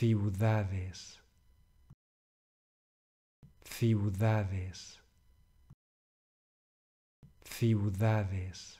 ciudades, ciudades, ciudades.